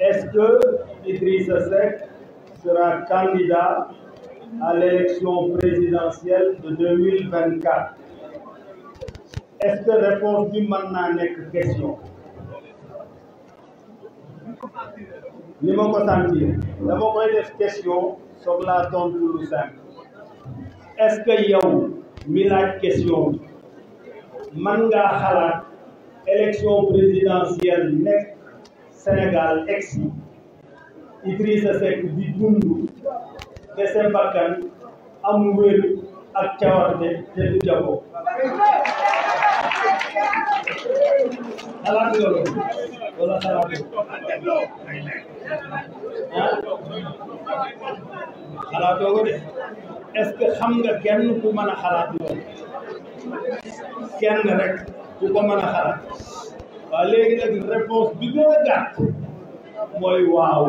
Est-ce que Idriss Seck sera candidat à l'élection présidentielle de 2024 Est-ce que réponse du mën naa question li pas. ko sentir dama def question la la pour le simple est-ce que yow une question Manga halak, élection présidentielle Sénégal egsi Idrissa Seck di dund dese bakkan am wér ak cawarte te du jaboo xalaat loolu wala xalaat ah? xalaatoo ko de est-ce que xam nga kenn ku mën a xalaat loolu kenn rek ku ko mën a xalaat waaw léegi nag réponse bi gën a gàtt mooy waaw